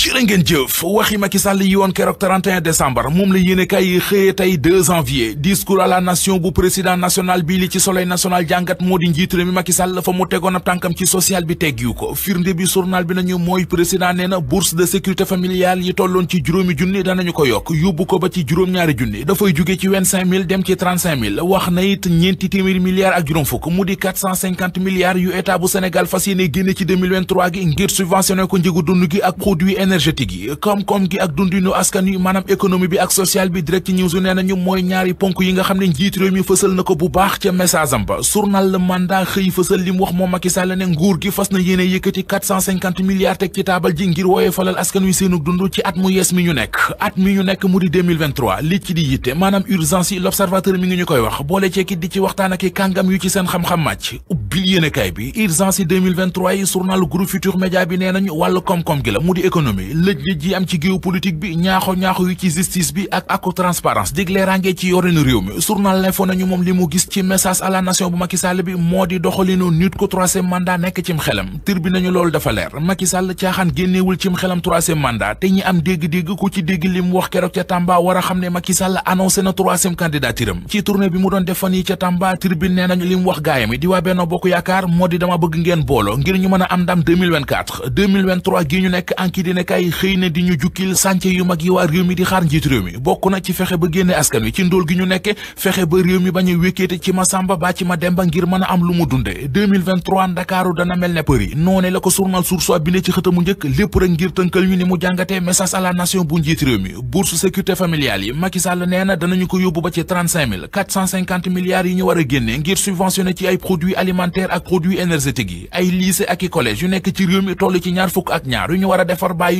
ci ngeen jëf waxi Macky Sall yi woon keroog 31 décembre moom la yéene kay xëye tey 2 janvier discours à la nation bu président national bi li ci soleil national jàngat moo di njiitu réew mi Macky Sall mu tegoon ab tànkam ci social bi teggiwu ko firnde bi journal bi nañu mooy président nee na bourse de sécurité familiale yi tolloon ci juróomi junni danañu ko yokk yóbbu ko ba ci juróom-ñaari junni dafay jóge ci 25000 dem ci 35000 wax na it ñeenti téeméeri milliards ak juróom mu di 450 milliards yu état bu Sénégal fas yéene génne ci 2023 gi ngir subventionné ko njëgu dund énergétique yi koom-koom gi ak dundinu askan yi maanaam économie bi ak sociale bi direct news nee nañu mooy ñaari ponk yi nga xam ne njiit mi fësal na ko bu baax ca message ba journal le mandat xëy fësal li wax moom Macky Sall ne nguur gi fas na yéene yëkkati 450 teg ci taabal ji ngir wooye falal askan wi seenu dund ci at mu yees mi ñu nekk at mi ñu nekk mu di li ci di yitte maanaam urgence l'observateur mi ngi ñu koy wax boole mi lëj-lëj yi am ci géopolitique bi ñaaxo-ñaaxo yu ci justice bi ak aku transparence dig leerange ci yorinu réew mi journal l'info nañu moom li mu gis ci message à la bu Macky bi moo di doxalinu nit ko troisième nekk cim xelam tur nañu loolu dafa leer Macky caaxaan génneewul cim xelam troisième te ñi am dégg-dégg ku ci dégg li mu wax keroog ca Tamba war a xam ne Macky Sall na troisième candidature ci tournée bi mu doon def yi kaay xëy na di ñu jukkil sànce yu mag yi waa réew mi di xaar njiit réew mi bokk na ci fexe ba génne askan wi ci ndóol gi ñu nekke fexe ba réew mi bañ a ci ma sàmba ba ci ma demba ngir mën a am lu mu dunde ndakaaru dana mel ne përi noone la ko journal Source A ci xëtamu njëkk lépp rek ngir tënkal ñu ni mu jàngatee message à la nation bu njiit réew mi bourse sécurité familiale yi Macky Sall nee na danañu ko yóbbu ba ci milliards yi ñu war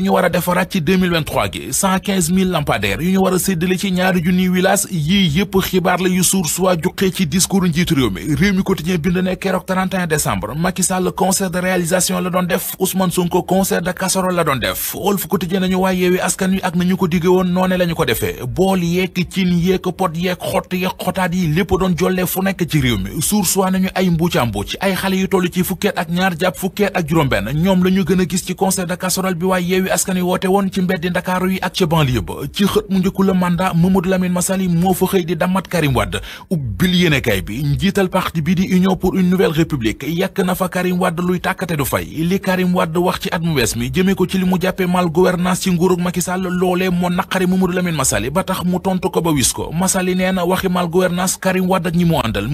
yu ñu war a defaraat ci 2023 gi 115000 lampadaires yu ñu war a séddale ci ñaari junniy wilaas yii yëpp xibaar la yu suur soit juqee ci discours njiitu réew mi réew mi quotidien bind ne keroog 31 décembre Macky Sall concert de réalisation la doon def Ousmane Sonko concert de casserole la doon def Walf Quotidien nañu waa yeewi askan wi ak nañu ko digge woon noone la ko defee bool yeek cin yeek pot yeek xott yeek xotaat yi lépp doon jollee fu nekk ci réew mi suur soit nañu ay mbuuca mbuuc ay xale yu toll ci fukkeet ak ñaar jàpp fukkeet ak benn ñoom la ñu gën gis ci concert de Yewwi Askan Wi woote woon ci mbeddi Ndakaaru yi ak ci banlieue ba ci xët mu njëkku la mandat Mamadou Lamine Massaly moo fa xëy di damat Karim Wade ubbil yéenekaay bi njiital parti bi di Union pour une nouvelle république yàkk na fa Karim Wade luy tàkkate du fay li Karim Wade wax ci at mu wees mi jëmee ko ci li mu jàppe mal gouvernance ci nguurug Macky Sall loolee moo naqari Mamadou Lamine Massaly ba tax mu tontu ko ba wis ko Massaly nee na waxi mal gouvernance Karim Wade ak ñi mu àndal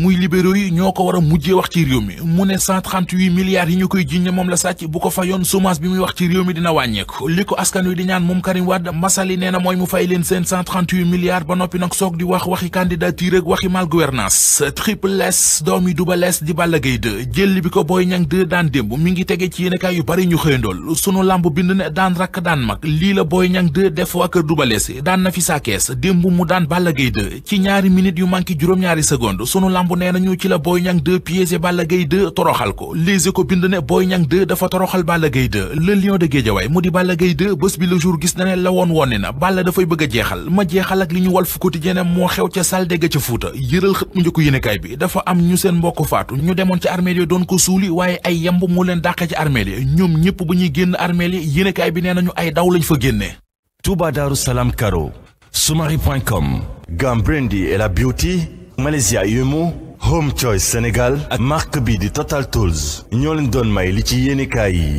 war a mujjee wax ci réew mi mu ne 138 moom la sàcc bu ko fayoon chômage bi muy wax ci réew mi dina li ko askan wi di ñaan moom Karim Wade Massaly nee na mooy mu fay leen seen 138 milliards ba noppi nag soog di wax waxi candidature ak waxi mal gouvernance triple S doomi Double Less di Balla Gaye 2 jël bi ko booy Niang 2 daan démb mi ngi tege ci yéenekaay yu bari ñu xëyandool sunu lamb bind ne daan rakk daan mag lii la booy ñan 2 def waa kër Double Less daan na fi saa kees démb mu daan Balla Gaye 2 ci ñaari minutes yu manqué juróom-ñaari seconde sunu lamb nee nañu ci la Boy Niang 2 piégé Balla Gaye 2 ko lise ko bind ne Boy Niang 2 dafa toroxal Balla Gaye 2 le lion de Guédiawaye mu di Balla Balla Gaye 2 bés bi le gis na la woon woon na Balla dafay bëgg a jeexal ma jeexal ak li ñu Walf Quotidien moo xew ca Saldé ga ca Fuuta yëral xët mu njëkk yéenekaay bi dafa am ñu seen mbokk faatu ñu demoon ci armeel yi doon ko suuli waaye ay yamb moo leen dàqe ci armeel ñoom ñëpp bu ñuy génn armeel yi yéenekaay bi nee nañu ay daw lañ fa génnee Touba Darou Salam Karo Soumari.com Gambrendi et la Beauty Malaysia Yumo Home Choice Sénégal ak marque bi di Total Tools ñoo leen doon may li ci yéenekaay yi